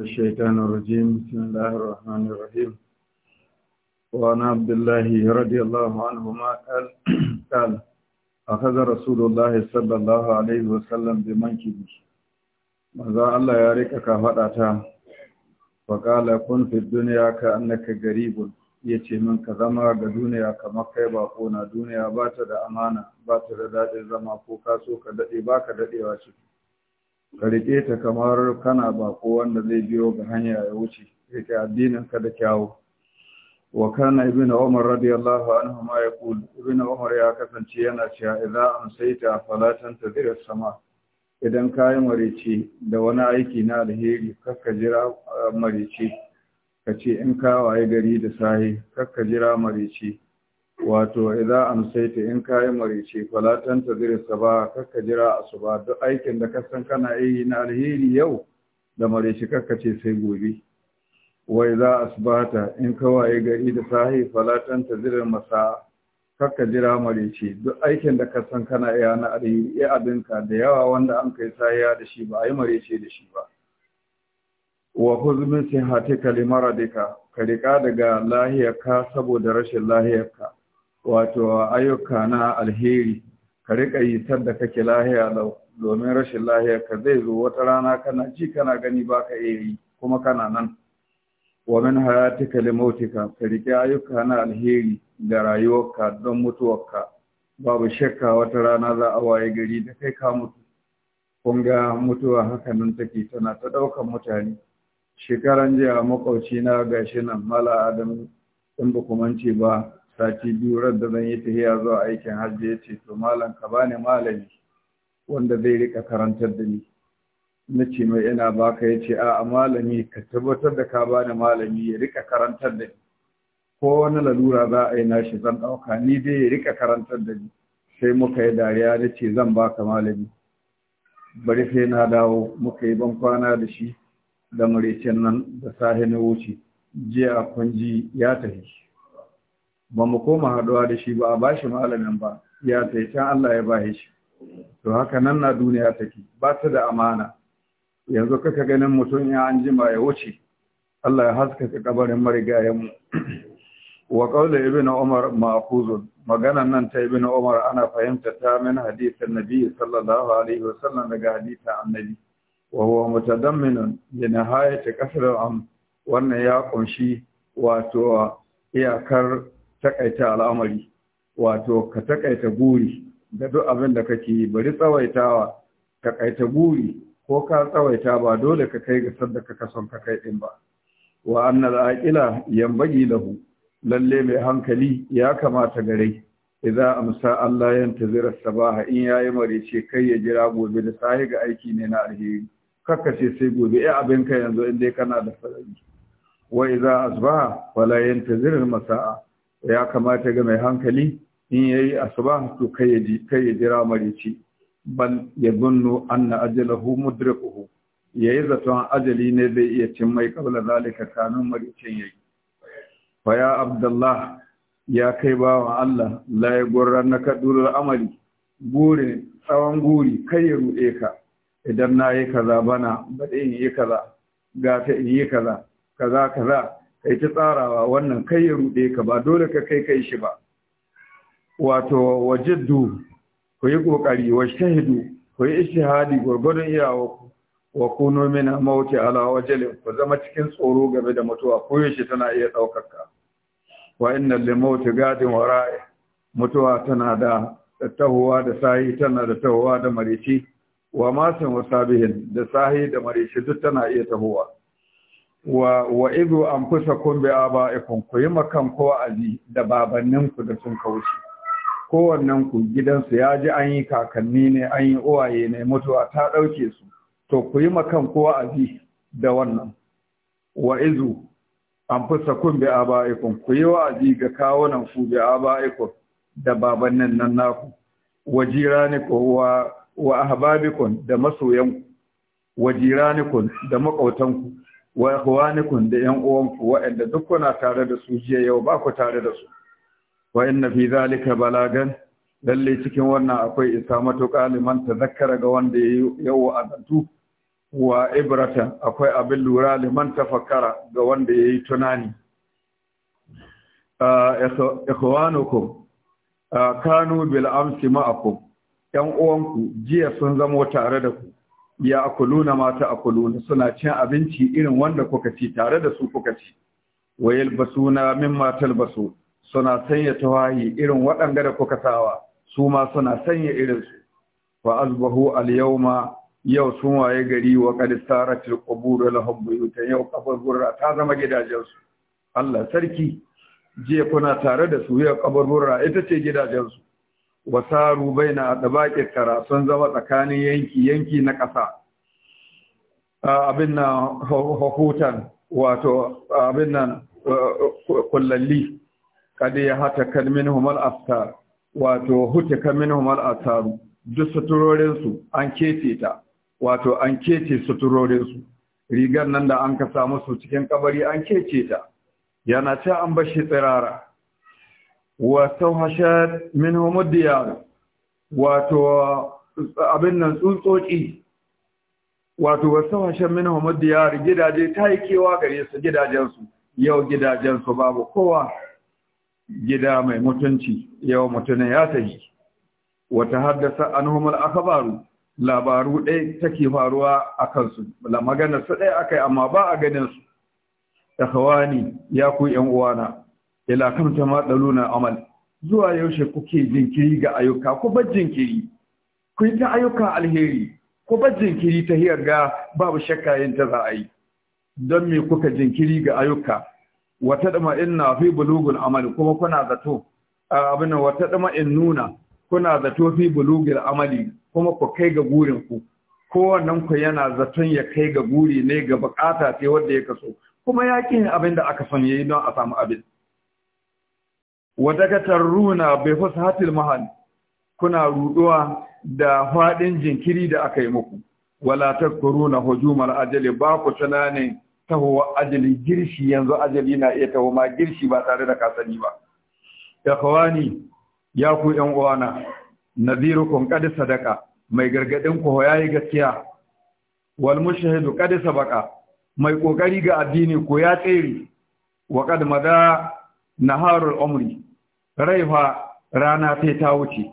الشيطان الرجيم بسم الله الرحمن الرحيم وعن عبد الله رضي الله عنهما قال قال أخذ رسول الله صلى الله عليه وسلم بمنكبه ماذا الله يريك كفرتا فقال كن في الدنيا كأنك قريب yace min ka zama ga duniya kamar kai bako na duniya ba ta da amana ba ta da daɗin zama ko ka so ka daɗe ba ka daɗewa ciki ka riƙe ta kamar kana bako wanda zai biyo ga hanya ya wuce riƙe addinin ka da kyawu wa kana ibnu umar radiyallahu anhu ma yaqul ibnu umar ya kasance yana cewa idza amsayta falatan tantazir as-sama idan kayi marici da wani aiki na alheri kakka jira marici ka in ka waye gari da sahi kakka jira marici wato idza amsayta in kai marice fala tantazir sabah kakka jira asuba duk aikin da ka san kana yi na alheri yau da marici kakka ce sai gobe wa idza asbata in kawaye gari da sahi fala tantazir masa kakka jira marici duk aikin da ka san kana yi na alheri ya abinka da yawa wanda an kai sahiya da shi ba ai marici da shi ba wa min sihatika limaradika ka rika daga lahiyarka saboda rashin lahiyarka wato ayyuka na alheri ka riƙa yi da kake lahiya domin rashin lahiya ka zai zo wata rana kana ji kana gani ba ka iya yi kuma kana nan wa min hayatika li ka riƙe ayyuka na alheri da rayuwarka don mutuwarka babu shakka wata rana za a waye gari da kai ka mutu kun ga mutuwa haka nan take tana ta ɗaukan mutane shekaran jiya makwauci na gashi nan mala adam in ba ku mance ba sati biyu ran da zan yi tahiya zuwa aikin hajji ya ce to malam ka bani malami wanda zai rika karantar da ni na ce mai ina baka ya ce a'a malami ka tabbatar da ka bani malami ya rika karantar da ni ko wani lalura za a yi nashi zan ɗauka ni dai ya rika karantar da ni sai muka yi dariya na ce zan baka malami bari sai na dawo muka yi ban kwana da shi da maraicen nan da sahi na wuce jiya kunji ya tafi ba mu koma haɗuwa da shi ba a bashi malamin ba ya sai can Allah ya bashi shi to haka nan na duniya take ba ta da amana yanzu kaka ganin mutum ya an jima ya wuce Allah ya haskaka kabarin marigayen mu wa qawla ibn umar ma'khuzun maganan nan ta ibn umar ana fahimta ta min hadisin nabi sallallahu alaihi wa Sallam daga hadisin annabi wa huwa mutadamminun li nihayati kasr al-am wannan ya kunshi wato iyakar takaita al'amari wato ka takaita guri da duk abin da kake yi bari tsawaitawa takaita guri ko ka tsawaita ba dole ka kai ga sadda ka kason ka kai din ba wa annal aqila yambagi lahu lalle mai hankali ya kamata gare idza amsa Allah yantazira sabah in yayi ce kai ya jira gobe da sai ga aiki ne na alheri ce sai gobe eh abin ka yanzu in dai kana da sarari wa idza asbaha wala yantazira masaa ya kamata ga mai hankali in ya yi asuba to kai ya kai ya jira ya bal yadhunnu anna ajalahu mudrikuhu yayi zaton ajali ne zai iya cin mai kabla zalika kanun maricin yayi fa ya abdullah ya kai bawa Allah laye gurran na dulul amali guri tsawon guri kai ya ruɗe ka idan na yi kaza bana ba in yi kaza gata in yi kaza kaza kaza kai ta tsarawa wannan kai ya rude ka ba dole ka kai kai shi ba wato wajiddu ku yi ƙoƙari wa shahidu ku yi ishihadi gurgurun iyawa wa kuno mina mauti ala wajalin ku zama cikin tsoro game da mutuwa koyaushe tana iya ɗaukar ka wa inna lil mauti gadin ra'i mutuwa tana da tahowa da sahi tana da tahowa da marici wa masan wasabihin da sahi da marici duk tana iya tahowa wa wa idu kun bi abaikum ku yi makan ko azi da babannin ku da sun kauce wannan ku gidansu ya ji an yi kakanni ne an yi uwaye ne mutuwa ta ɗauke su to ku yi kan ko azi da wannan wa izu kun bi abaikum ku yi wa'azi ga kawunan ku bi abaikum da babannin nan naku wa jiranikum wa wa ahbabikun da masoyanku wa jiranikum da ku wa ikhwanikum da yan uwanku wa'anda duk kuna tare da su jiya yau ba ku tare da su wa inna fi zalika balagan lalle cikin wannan akwai isa matuƙa liman tazakkara ga wanda ya wa'azantu wa ibrata akwai abin lura liman tafakkara ga wanda ya yi tunani ah, ikhwanukum ah, kanu bil amsi ma'akum yan uwanku jiya sun zama tare da ku ya akuluna mata ta akuluna suna cin abinci irin wanda kuka ci tare da su kuka ci wa min mimma talbasu suna sanya tawahi irin waɗanda da kuka sawa su ma suna sanya irin su fa azbahu al yawma yau sun waye gari wa qad saratil qubur lahum buyutan yau kaburbura ta zama gidajensu Allah sarki je kuna tare da su yau kaburbura ita ce gidajensu wasaru baina da kara sun zama tsakanin yanki yanki na ƙasa abin nan hukutan wato abin nan kullalli kada ya hata kalmin humal aftar wato huta kalmin humal aftaru duk suturorinsu an kece ta wato an kece suturorinsu rigar nan da an ka samu su cikin kabari an kece ta yana ce an bashi tsirara wastauhashat minhum ad-diyar wato abin nan tsutsotsi wato wastauhashat minhum ad-diyar gidaje ta yi kewa gare su gidajensu yau gidajensu babu kowa gida mai mutunci yau mutune ya tafi wata haddasa anhum al-akhbaru labaru ɗaya take faruwa a kansu la magana su ɗaya akai amma ba a ganin su ikhwani ya ku yan uwana ila kam ta madaluna amal zuwa yaushe kuke jinkiri ga ayyuka ko bar jinkiri ku yi ta ayyuka alheri ko bar jinkiri ta hiyar ga babu shakka yin ta za a yi don me kuka jinkiri ga ayyuka wata dama in na fi bulugul amali kuma kuna zato abin wata dama in nuna kuna zato fi bulugul amali kuma ku kai ga gurin ku kowannen ku yana zaton ya kai ga guri ne ga bukata ce wanda ya kaso kuma yakin abin da aka son yayi don a samu abin wata katarruna bai fasahatil mahal kuna ruduwa da fadin jinkiri da aka yi muku wala takuruna hujumal ajali ba ku tunanin taho ajali girshi yanzu ajali na iya taho ma girshi ba tare da kasani ba ya kawani ya ku yan uwana nadirukum qad sadaka mai gargadin ku yayi gaskiya wal mushahidu qad sabaka mai kokari ga addini ko ya tsere wa maza mada naharul umri Raiwa rana sai ta wuce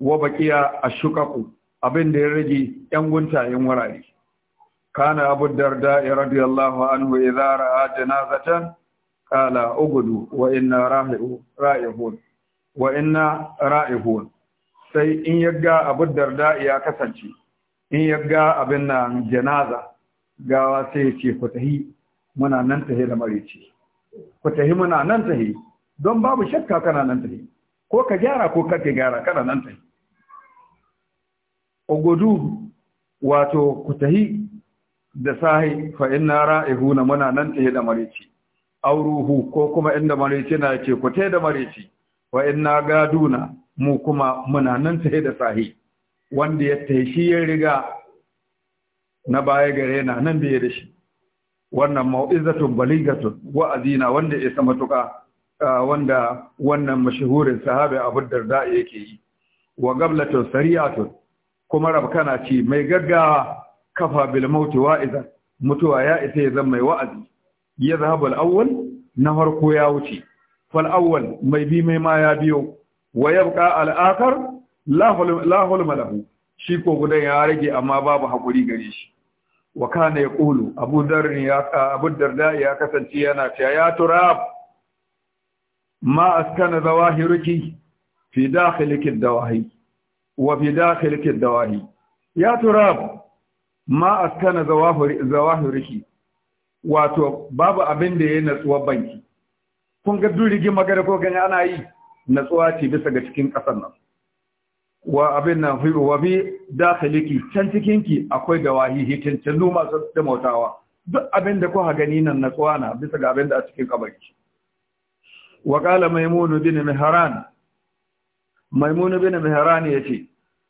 wa a shukaku abin da ya rage yan guntayen wurare kana abu darda radiyallahu anhu idza ra'a janazatan qala ugudu wa inna ra'ihun wa inna ra'ihun sai in yagga abu darda ya kasance in yagga abin nan janaza gawa sai ya ce ku muna nan tahi da marici ku tahi muna nan tahi don babu shakka kana nan tafi ko ka gyara ko kake gyara kana nan ta ne. ogodu wato ku tahi da sahi fa inna na muna nan ta da mareci, auruhu ko kuma inda mareci na ce ku ta da mareci, wa inna gaduna mu kuma muna nan ta da sahi wanda ya tahi shi ya riga na baya gare na nan biye da shi wannan mau'izatun baligatun wa'azina wanda ya isa matuƙa wanda wannan mashahurin sahabi abu darda yake yi wa gablatun sariyatun kuma rabkana ci mai gaggawa kafa bil wa'iza mutuwa ya isa ya zama mai wa'azi ya zahabu al na farko ya wuce fal awwal mai bi mai ma ya biyo wa yabqa al-akhar la hul malahu shi ko gudan ya rage amma babu hakuri gare shi wa kana yaqulu abu darda ya kasance yana cewa ya turab ma askana zawahiruki fi dakhiliki dawahi wa fi dakhiliki dawahi ya turab ma askana zawahiruki wato babu abin da ya yi natsuwa banki kun ga durigi magana ko gani ana yi natsuwa ce bisa ga cikin ƙasar nan wa abin nan fi wa bi dakhiliki can cikin ki akwai da dawahi hitin can masu da duk abin da kuka gani nan natsuwa na bisa ga abin da a cikin kabari وقال ميمون بن مهران ميمون بن مهران يتي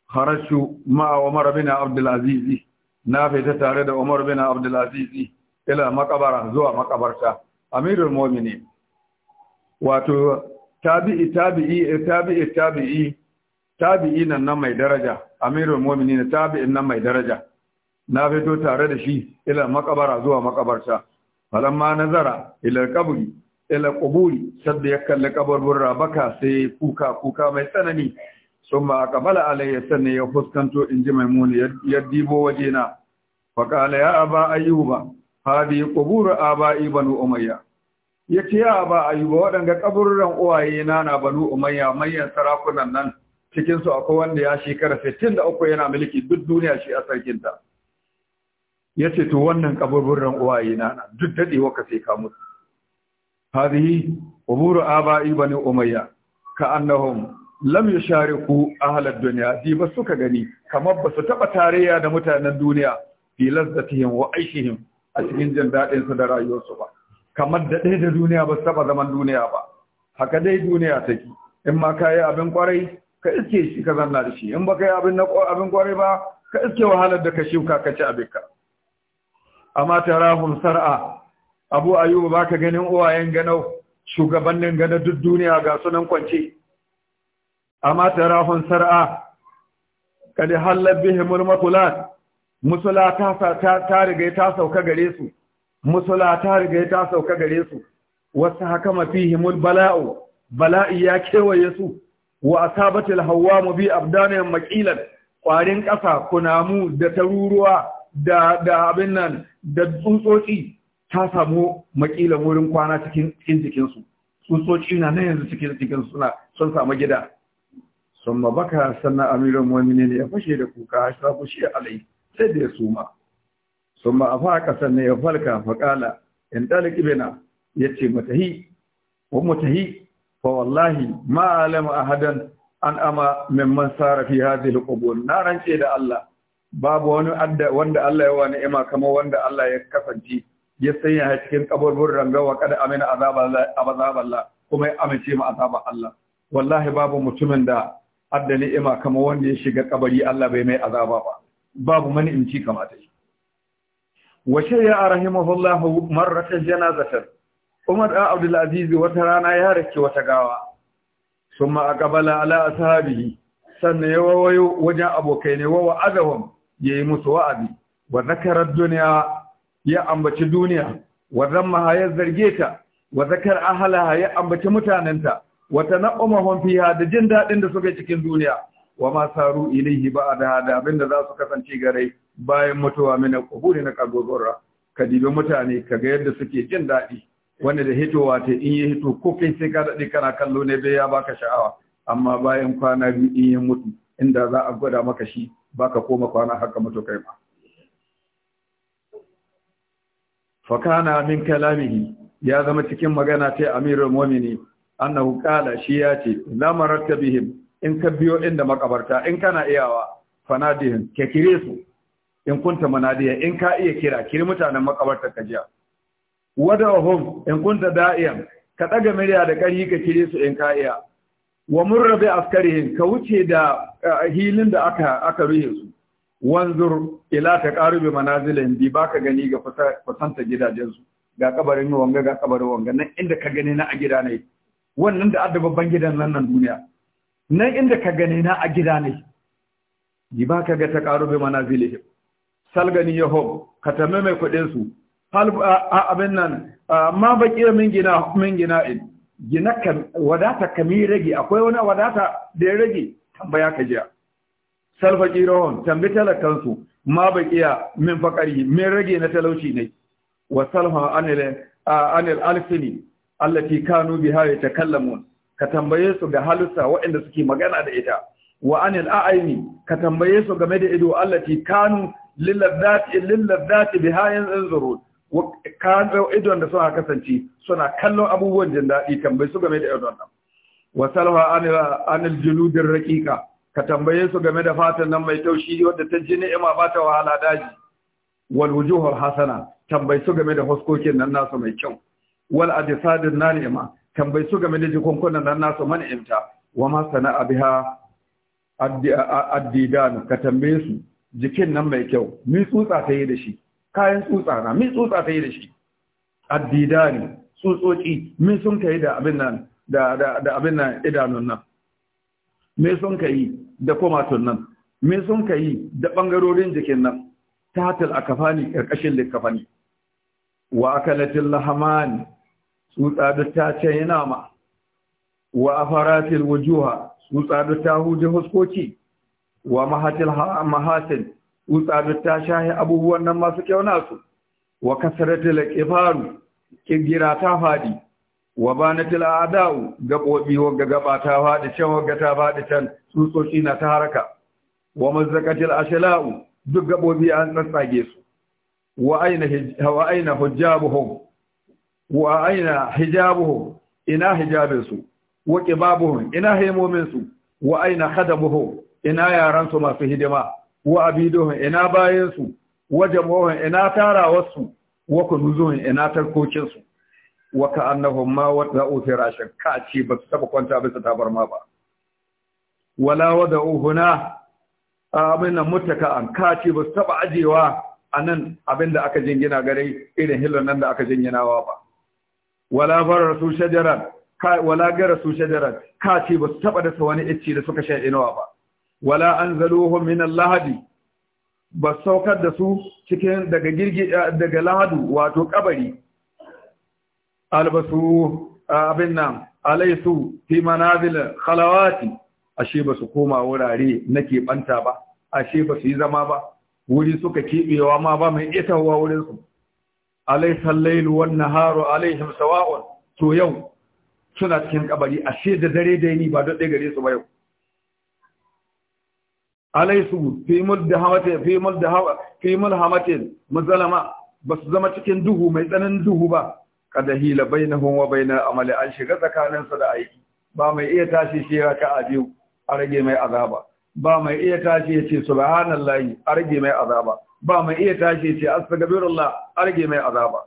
خرجت مع عمر بن عبد العزيز نافذ تارد عمر بن عبد العزيز إلى مقبرة زوى مقبرة أمير المؤمنين واتو تابعي تابعي تابعي تابعي تابعي nan درجة أمير المؤمنين تابعي mu'minin درجة نافذ mai daraja إلى مقبرة tare مقبرة فلما نظر إلى القبر ila kuburi sabbi ya kalli kabarburra baka sai kuka kuka mai tsanani summa aqbala alayya sanne ya fuskanto inji maimuni ya dibo waje na fa qala ya aba ayyuba hadi qubur aba ibnu umayya yace ya aba ayyuba wadanga kaburran uwaye na na banu umayya manyan sarakunan nan cikin su akwai wanda ya shekara 63 yana mulki duk duniya shi a sarkin sarkinta yace to wannan kaburburran uwaye na duk dadewa ka sai ka musu. hadhihi umuru aba'i bani umayya ka annahum lam yushariku ahlad duniya, di ba suka gani kamar ba su taba tarayya da mutanen duniya fi lazzatihim wa aishihim a cikin jin daɗin su da rayuwarsu ba kamar daɗe da duniya ba su taba zaman duniya ba haka dai duniya take in ma ka yi abin kwarai ka iske shi ka da shi in baka yi abin kwarai ba ka iske wahalar da ka shuka ka ci abinka amma tarahum sar'a abu ayuba ba ka ganin uwayen ganau shugabannin gana duk duniya ga sunan kwance amma rahon sar'a kada hallar bihimul mulmatulat musula ta riga ta sauka gare su musula ta riga ta sauka gare su wasu hakama fihimul bala'u bala'i ya kewaye su wa Hauwa mu bi abdanihim makilan Kwarin ƙasa kunamu da taruruwa da da abin nan da tsutsotsi ta samu makila wurin kwana cikin cikin jikinsu tsutsotsi na nan yanzu cikin jikinsu suna sun samu gida sun mabaka sannan amiran mu'minin ya fashe da kuka shi fushi alai sai da ya suma sun ma afaka sannan ya falka faqala in daliki bena yace matahi wa matahi fa wallahi ma alama ahadan an ama mimman sara fi hadhihi qubur na rance da Allah babu wani wanda Allah ya wani ima kamar wanda Allah ya kasance ya sanya a cikin kaburburan wa kada amina azab Allah kuma ya amince mu azaba Allah wallahi babu mutumin da adda ni'ima kama wanda ya shiga kabari Allah bai mai azaba ba babu mani in ci kamata shi wa shayya rahimahullahu marratan janazatan Umar da Abdulaziz wata rana ya rike wata gawa summa aqbala ala ashabihi sannan ya wayo wajen abokai ne wa wa'adahum yayi musu wa'azi wa zakara dunya ya ambaci duniya wa zamma ya zarge ta wa zakar ahalaha ya ambaci mutanenta wa tana'umahum fiha da jin dadin da suke cikin duniya wa ma saru ilaihi ba'da da abinda za su kasance gare bayan mutuwa mina kuburi na kaburra ka dibi mutane ka ga yadda suke jin dadi wanda da hitowa ta in yi hito ko kai sai ka dade kana kallo ne bai ya baka sha'awa amma bayan kwana biyu in ya mutu inda za a gwada maka shi baka koma kwana haka mutu kai ba. fakana min kalamihi ya zama cikin magana ta amirul mu'mini annahu qala shi ya ce maratta bihim in ka biyo inda makabarta in kana iyawa fanadihin ke kire su in kunta manadiya in ka iya kira kiri mutanen makabarta ka jiya wadahum in kunta da'iyan ka daga murya da kari ka kire su in ka iya wa bi askarihin ka wuce da hilin da aka aka ruhe su wanzur ila ta bi manazilin bi baka gani ga kusanta gidajensu. ga kabarin wanga ga kabarin wanga nan inda ka gani na a gida ne wannan da adda babban gidan nan nan duniya nan inda ka gani na a gida ne bi baka ga ta qarubi sal gani yaho ka tamme mai kudin su abin nan ma baƙi min gina min gina in gina wadata ka mi rage akwai wani wadata da ya rage tambaya ka jiya salfaqirahum tambi talakansu ma baqiya min faqari min rage na talauci ne wa salha anil anil alfini allati kanu biha yatakallamun ka tambaye su ga halusa waɗanda suke magana da ita wa anil a'aini ka tambaye su game da ido allati kanu lilladhati lilladhati biha yanzurun kan idon da suka kasance suna kallon abubuwan jin daɗi tambaye su game da idon nan salha anil juludir raqiqa ka tambaye su game da fatan nan mai taushi wadda ta ji ni'ima ba ta wahala daji wal wujuhul hasana tambaye su game da huskokin nan nasu mai kyau wal ajsadin na'ima tambaye su game da jikunkunan nan nasu man'imta wa ma sana'a biha addidan ka tambaye su jikin nan mai kyau mi tsutsa ta yi da shi kayan tsutsa na mi tsutsa ta yi da shi addidani tsutsotsi mi sun kai da abin nan da da abin nan idanun nan me sun ka yi da komatun nan me sun ka yi da ɓangarorin jikin nan a kafani ƙarƙashin likafani wa akalatin lahamani tsutsa da ta ce nama wa afaratil wujuha tsutsa da ta huje huskoki wa mahatil mahatin tsutsa da ta shahi abubuwan nan masu kyau nasu? wa kasaratil kifaru kigira ta fadi wa ba banatil a'da'u gabobi wagga ta faɗi can wagga ta faɗi can tsutsotsi na ta haraka wa mazzakatil ashila'u duk gaɓoɓi an tsatsage su wa aina wa hijabuhum wa aina hijabuhum ina hijabinsu wa qibabuhum ina haimominsu wa aina khadamuhum ina yaransu masu hidima wa abiduhum ina bayansu wa jama'uhum ina tarawarsu wa kunuzuhum ina tarkokinsu Waka ka'annahum ma wada'u firashin ka ce ba su taba kwanta bisa tabarma ba wala wada uhuna abin nan mutaka'an ka ce ba su taba ajewa anan abin da aka jingina gare irin hillan nan da aka jinginawa ba wala rasu shajarar ka wala rasu shajaran ka ce ba su taba dasa wani icci da suka sha inuwa ba wala an min al-lahadi ba saukar da su cikin daga girgi daga lahadu wato kabari albasu abin nan alaisu fi manazil khalawati ashe ba su koma wurare na keɓanta ba ashe ba su yi zama ba wuri suka keɓewa ma ba mai ita huwa wurinsu alaisan lailu wan naharu alaihim sawa'un to yau suna cikin kabari ashe da dare da yini ba don ɗaya gare su ba yau alaisu fi mulhamatin fi mulhamatin muzalama ba su zama cikin duhu mai tsananin duhu ba kada hila hunwa wa na amali an shiga tsakaninsu da aiki ba mai iya tashi shi ka biyu a rage mai azaba ba mai iya tashi ya ce subhanallahi a rage mai azaba ba mai iya tashi ya ce astaghfirullah a rage mai azaba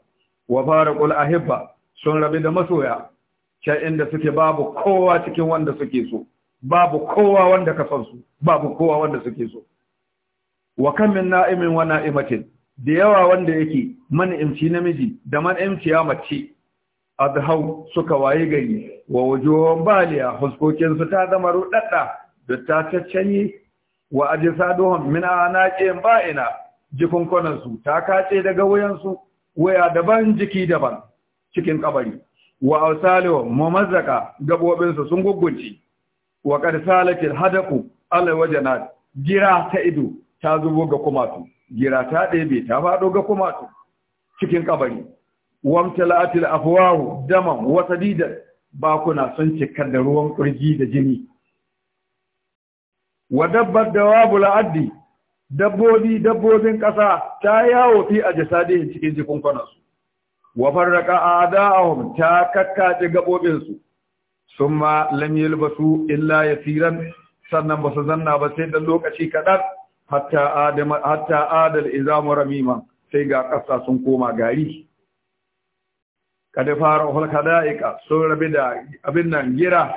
wa faraqul ahibba sun rabi da masoya ce inda suke babu kowa cikin wanda suke so babu kowa wanda ka san su babu kowa wanda suke so wa kam min na'imin wa na'imatin da yawa wanda yake man'imci namiji da ya mace a da hau suka waye gari wa wujuhum baliya huskokin ta zama rudadda da ta taccanye wa mina min anaqin ba'ina Jikin ta kace daga wuyansu waya daban jiki daban cikin kabari wa awsaluhum mumazzaka gabobin sun guggunci wa qad salatil hadaku ala gira ta ido ta zubo ga kumatu gira ta bai ta faɗo ga kumatu cikin kabari wamtala'atil afwahu daman wa sadidan bakuna son cikar da ruwan kurji da jini wa dabbar dawabu la'addi dabbobi dabbobin ƙasa ta yawo fi a jasa jasadihin cikin jikunkunansu wa farraka a'da'ahum ta kakkace Sun ma lam basu illa yasiran sannan ba su zanna ba sai da lokaci kaɗan. hatta adam hatta adal izamu ramima sai ga ƙasa sun koma gari kada fara hul kada'ika sun rabi da abin nan gira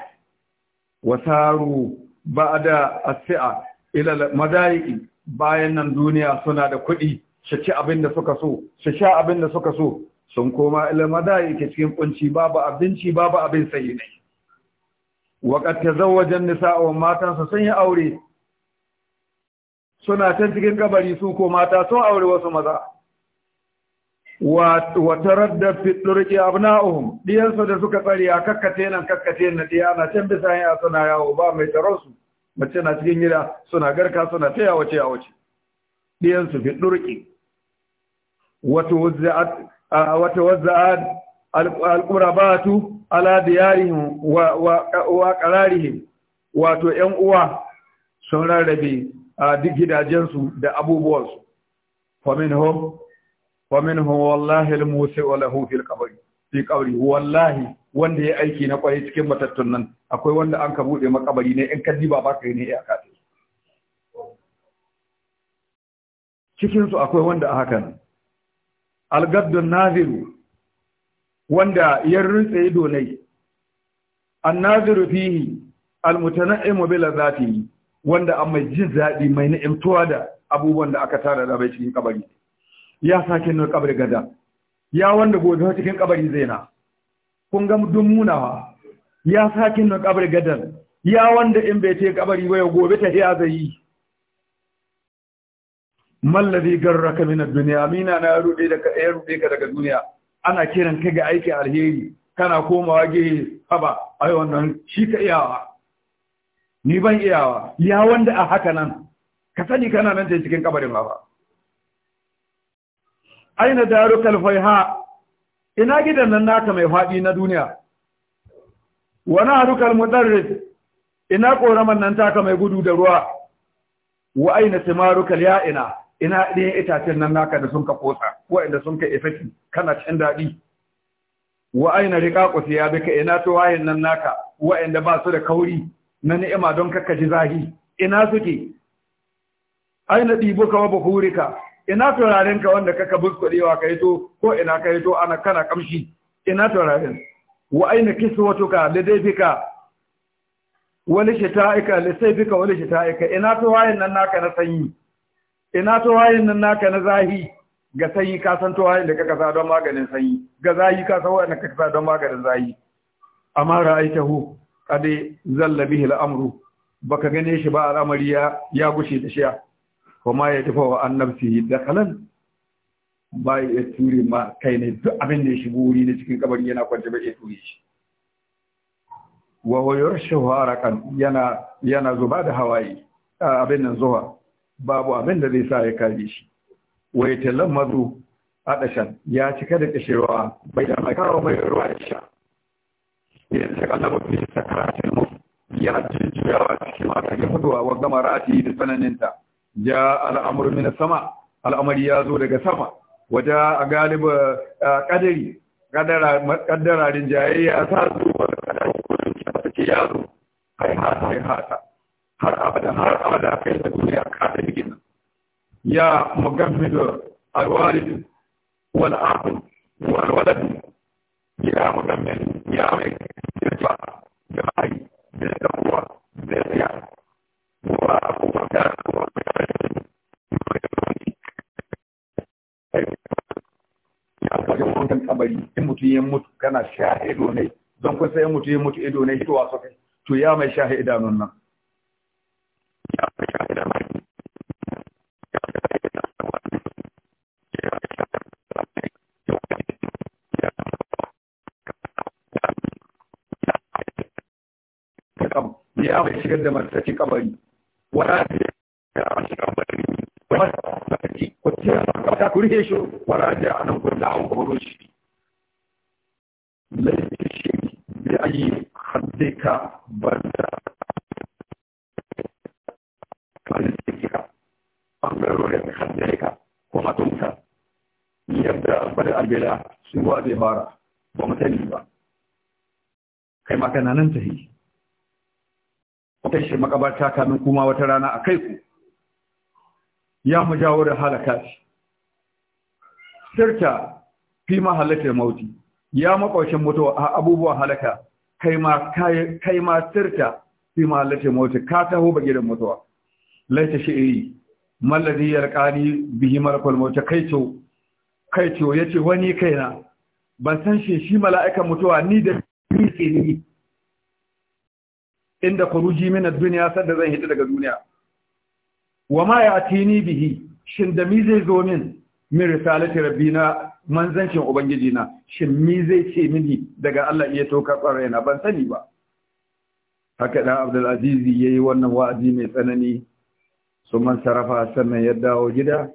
wasaru ba'da asi'a ila madaiki bayan nan duniya suna da kuɗi su abin da suka so su sha abin da suka so sun koma ila madaiki cikin kunci babu abinci babu abin sayi ne an-nisaa wa matan matansa sun yi aure suna can cikin kabari su ko mata sun aure wasu maza wa taradda fi turqi abna'uhum diyansu da suka tsare a kakkate nan kakkate nan diya na can bisa hanya suna yawo ba mai tsaron su mace na cikin gida suna garka suna taya wace a wace diyansu fi turqi wato wazza'at wato wazza'at alqurabatu ala diyarihim wa wa qararihim wato 'yan uwa sun rarrabe duk gidajensu da abubuwansu famin Ho, famin hom wallahi al-musi wa lahu fil qabri fi qabri wallahi wanda ya aiki na kwai cikin matattun nan akwai wanda an ka bude makabari ne in kaddi ba baka ne ya kace cikin su akwai wanda a hakan al-gaddun naziru wanda ya rutse ido ne an-naziru fihi al-mutanaimu bil zatihi wanda an mai jin zaɗi mai na'imtuwa da abubuwan da aka tara da bai cikin kabari ya sake nuna kabari gada ya wanda gobe cikin kabari zai na kun ga dun munawa ya sake nuna kabari gadan ya wanda in bai ce kabari ba gobe ta iya zai yi mallabi garraka min ad-dunya amina na rude daga ya rude ka daga duniya ana kiran kai ga aiki alheri kana komawa ge haba ai wannan shi ka iyawa ni ban iyawa ya wanda a haka nan ka sani kana nan tai cikin kabarin ba aina daru faiha ina gidan nan naka mai fadi na duniya wa nahrukal mudarris ina koraman nan taka mai gudu da ruwa wa aina Kal ya'ina ina ɗaya itacen nan naka da sun ka kosa inda sun ka efeti kana cin daɗi wa aina riqaqu siyabika bika ina tuwayen nan naka inda ba su da kauri na ni'ima don ji zahi ina suke aina dibuka wa buhurika ina ka wanda kaka buskudewa ka to ko ina ka to ana kana kamshi ina turaren wa aina kiswatuka da daifika wani shita'ika da saifika wani shita'ika ina wayin nan naka na sanyi ina wayin nan naka na zahi ga sanyi ka san wayin da kaka sa don maganin sanyi ga zahi ka san wanda kaka sa don maganin zahi amma ra'aitahu kade zalla bihi al'amru baka gane shi ba al'amari ya ya gushe da shi kuma ya tafi wa annabci da kalan ba ya ture ma kai ne duk abin da ya shigo wuri na cikin kabari yana kwance ba ya ture shi wa wayar yarshu kan yana yana zuba da hawaye abin nan zuwa babu abin da zai sa ya kare shi wa yatalammazu adashan ya cika da kishewa bai da mai kawo mai ruwa shi. yanzu Allah ba fi sakaratin mu ya jujjuyawa cikin mata ya fitowa wa gama ra'ati da tsananinta ja al'amur min sama al'amari ya zo daga sama waja a galiba eh, kadari kaddararin jayayya ta zo wa kadar kudin ta ce ya zo kai hata kai hata har abada har abada kai da duniya ka ta bigin ya mugammidu alwalid wal aqul wal walad Miramos también, llamen de paz, de país, de agua, de real. No va a jugar con la Ya kwaje ya kana shahe ne don kun sai mutum ya mutu ido ne ya mai ya mai ya mai shigar da masu cikin kabari wala ya ya ta kurhe shi wala ya nan da shi laifin shi ayi haddika banda haddika ko yadda bada sun wa zai fara ba ba kai makana nan tashi makabarta kamin kuma wata rana a kai ku ya mu jawo da halaka shi sirta fi ma halatar mauti ya makwashin mutuwa a abubuwan halaka kai ma sirta fi ma halatar mauti ka taho ba gidan mutuwa laita eh. mallari ya yarkani bihi marakwal mauti kai to kai ce wani kaina ban san shi shi mala'ikan mutuwa ni da ni inda kuruji mina duniya sadda zan hita daga duniya wa ma ya ya'tini bihi shin da mi zai zo min min risalati rabbina manzancin ubangiji na shin mi zai ce mini daga Allah iya toka tsaraina ban sani ba haka dan Abdul Aziz yayi wannan wa'azi mai tsanani sun man sarrafa sannan ya dawo gida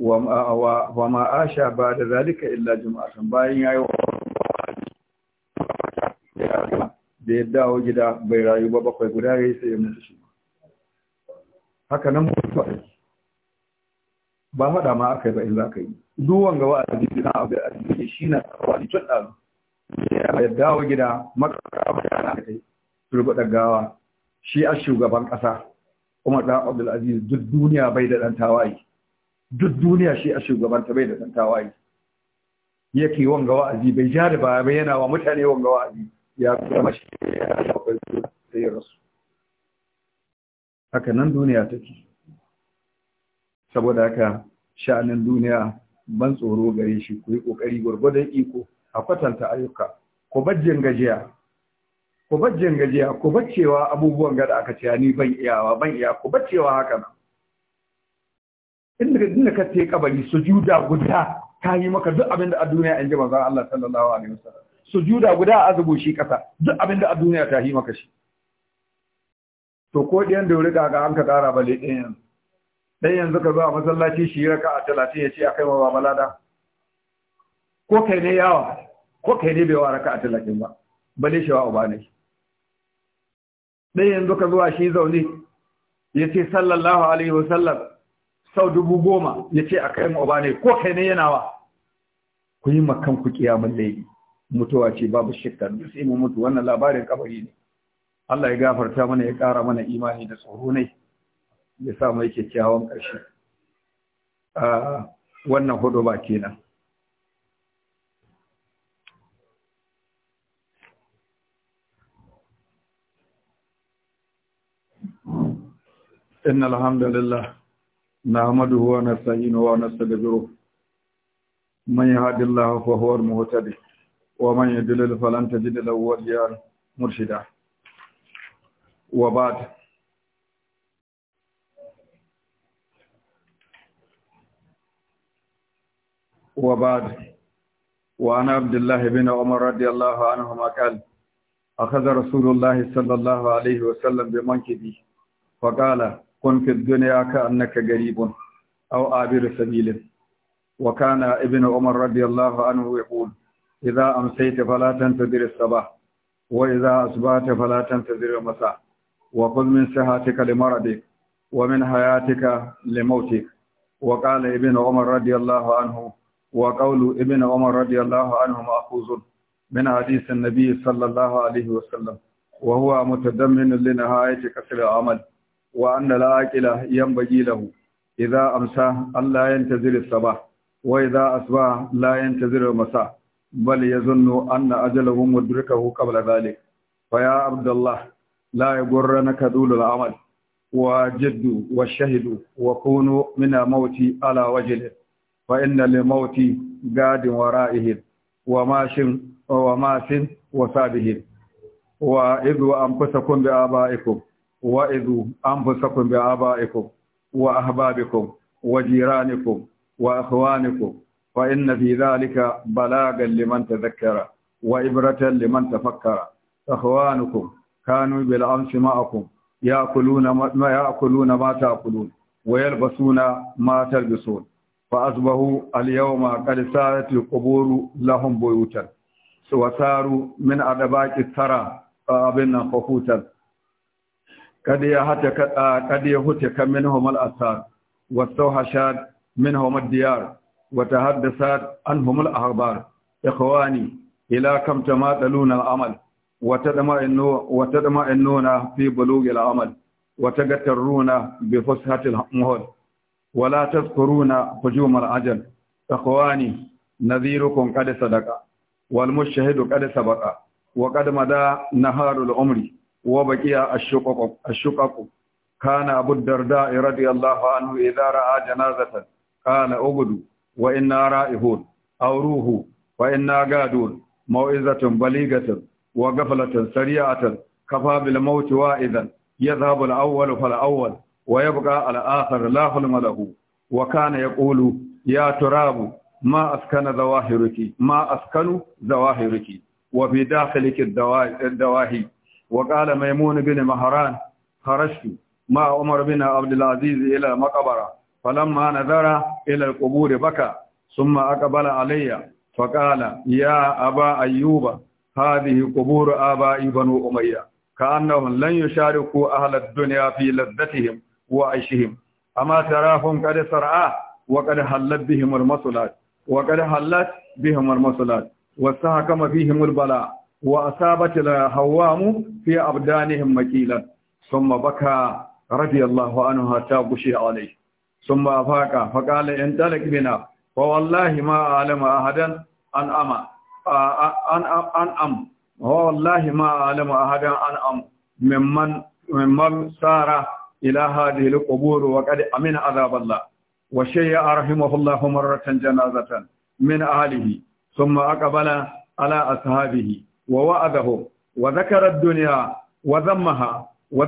wa ma asha ba da zalika illa juma'atan bayan yayi da ya dawo gida bai rayu ba bakwai guda ya yi sai ya mutu shi haka nan mutu a ba haɗa ma aka yi ba in za ka yi duwan gaba a jiki na abu a jiki shi na wani tun ɗazu ya dawo gida makara ba ya na kai turbaɗa gawa shi a shugaban ƙasa kuma ɗan abdulaziz duk duniya bai da ɗan tawaye duk duniya shi a shugaban ta bai da ɗan tawaye yake wanga wa'azi bai ja da baya bai yana wa mutane wanga wa'azi ya shi ya shafa ya rasu haka nan duniya take saboda haka sha'anin duniya ban tsoro gare shi ku yi ƙoƙari gwargwadon iko a kwatanta ayyuka ku bajin gajiya ku bajjin gajiya ku baccewa abubuwan gada aka ce ni ban iyawa ban iya ku baccewa haka nan inda inda ka ce kabari juda guda ta yi maka duk abin da a duniya in ji manzon Allah sallallahu alaihi wasallam sujuda guda a zubo shi ƙasa duk abin da a duniya ta yi maka shi to ko ɗiyan da wuri ga an ka ƙara ba ɗin yanzu ɗan yanzu ka zo a masallaci shi raka a talatin ya ce a kai wa baba lada ko kai ne yawa ko kai ne bai raka a talatin ba bale shi wa uba ne ɗan yanzu ka zuwa shi zaune ya ce sallallahu alaihi wa sallam sau dubu goma ya ce a kai wa uba ne ko kai ne yana wa ku yi makan ku kiyamun laifi mutuwa ce babu shakka duk sai mu mutu wannan labarin kabari ne Allah ya gafarta mana ya ƙara mana imani da tsoro ne ya sa mai kyakkyawan ƙarshe wannan hudu ba kenan Inna alhamdulillah إن wa لله نحمده ونستعينه man من يهد الله فهو المهتدي ومن يدلل فلن تجد له وليا مرشدا وبعد وبعد وعن عبد الله بن عمر رضي الله عنهما قال أخذ رسول الله صلى الله عليه وسلم بمنكبه فقال كن في الدنيا كأنك قريب أو عابر سبيل وكان ابن عمر رضي الله عنه يقول idza amsayta fala tantazir as-sabah wa idza asbahta fala tantazir al-masa wa khudh min sihatika li maradik wa min hayatika li mautik wa qala umar radiyallahu anhu wa qawlu umar radiyallahu anhu ma'khuzun min hadith an-nabi sallallahu alayhi wa sallam wa huwa mutadammin li nihayati qasr al-amal wa anna al-aqila yanbaghi lahu amsa alla masa bal yazunnu anna ajalahum mudrikahu qabla dhalik fa ya abdullah la yaghurranaka dhulul amal wa jiddu wa shahidu wa kunu min mauti ala wajhi fa inna lil mauti gadin wara'ihi wa mashin wa masin wa sabihin bi wa bi wa fa inna fi zalika balagan liman tadhakkara wa ibratan liman tafakkara ikhwanukum kanu bil amsi ma'akum mata ma ya'kuluna ma ta'kulun wa yalbasuna ma talbisun fa asbahu al yawma qad sa'at al quburu lahum buyutan wa saru min adabaqi tara abin nan khufutan kad ya hata kad ya huta kam minhum al asar wa sawhashad minhum ad diyar وتحدثت عنهم الأخبار إخواني إلى كم تماثلون العمل وتطمئنون في بلوغ العمل وتقترون بفسحة المهل ولا تذكرون هجوم العجل إخواني نذيركم قد صدق والمشهد قد سبق وقد مدى نهار العمر وبقي الشقق الشقق كان أبو الدرداء رضي الله عنه إذا رأى جنازة قال أغدو wa inna ra'ihun aw ruhu wa inna gadun mau'izatun baligatun wa ghaflatun sari'atan kafa bil mauti idan. yadhhabu al awwal fal awwal wa yabqa al akhir la hulma lahu wa kana yaqulu ya turabu ma askana zawahiriki ma askanu zawahiriki wa fi dakhiliki dawahi wa qala maymun bin mahran Harassu. ma umar bin abdul aziz ila maqbara falamma nazara ila alqubur baka thumma aqbala alayya faqala ya aba ayyuba hadhihi qubur aba'i banu umayya ka'annahum lan ko ahla ad-dunya fi laddatihim wa aishihim amma tarahum qad sar'a wa qad hallat bihim al-masulat wa qad hallat bihim al-masulat واستحكم فيهم البلاء وأصابت الهوام في أبدانهم مكيلا ثم بكى رضي الله عنه حتى بشي عليه sun ba faƙa faƙala ‘yan talak bina wa wallahi ma alama a hadan an am wa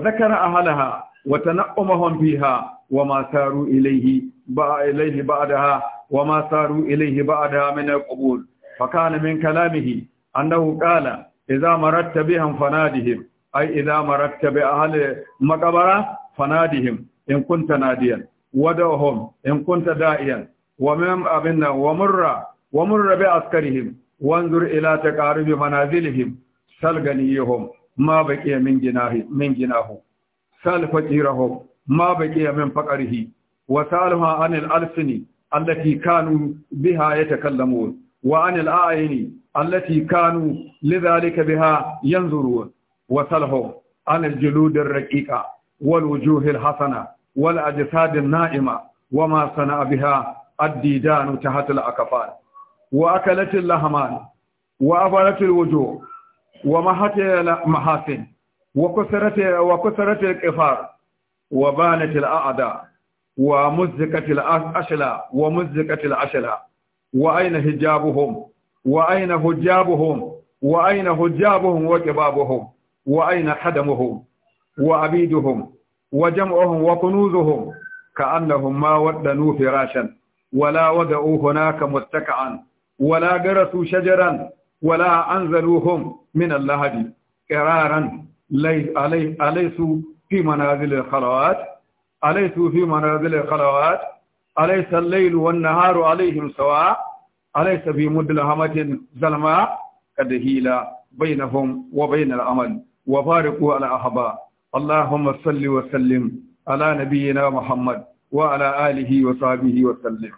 ahlaha wa wa ma saru ilaihi ba ilaihi ba'daha wa ma saru ilaihi ba'daha min al-qubul fa kana min kalamihi annahu qala idza maratta bihim fanadihim ay idza maratta bi ahli maqbara fanadihim in kunta nadiyan wadahum in kunta da'iyan wa mim abinna wa murra wa murra bi askarihim wanzur ila taqarib manazilihim ma baqiya min min sal faqirahum ما بقي من فقره وسالها عن الألسن التي كانوا بها يتكلمون وعن الآين التي كانوا لذلك بها ينظرون وسله عن الجلود الرقيقة والوجوه الحسنة والأجساد النائمة وما صنع بها الديدان تحت الأكفان وأكلت اللهمان وأبرت الوجوه ومحت المحاسن وكسرت وكسرت الكفار wa banatil a'da wa muzikatil ashla wa muzikatil ashla wa aina hijabuhum wa aina hujabuhum wa aina hujabuhum wa qibabuhum wa aina hadamuhum wa abiduhum wa jam'uhum wa kunuzuhum ka'annahum ma waddanu firashan ولا su هناك متكئا ولا جرسوا شجرا ولا أنزلوهم من اللهج قرارا أليسوا في منازل الخلوات أليسوا في منازل الخلوات أليس الليل والنهار عليهم سواء أليس في مدلهمة زلماء كدهيلة بينهم وبين الأمل وباركوا على أحبا اللهم صل وسلم على نبينا محمد وعلى آله وصحبه وسلم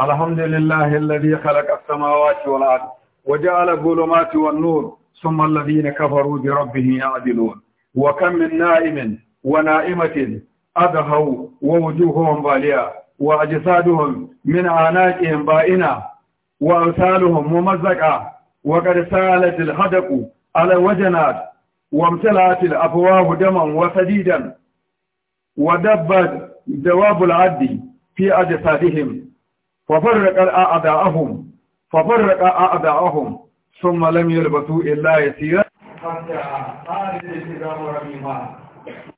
الحمد لله الذي خلق السماوات والأرض وجعل الظلمات والنور ثم الذين كفروا بربهم يعدلون وكم من نائم ونائمة أدهوا ووجوههم بالية وأجسادهم من عناقهم بائنة وأمثالهم ممزقة وقد سالت الهدق على الوجنات وامتلأت الأفواه دما وسديدا ودبت دواب العد في أجسادهم fafarraqa a'da'ahum fafarraqa a'da'ahum thumma lam yalbasu illa yasira hatta qala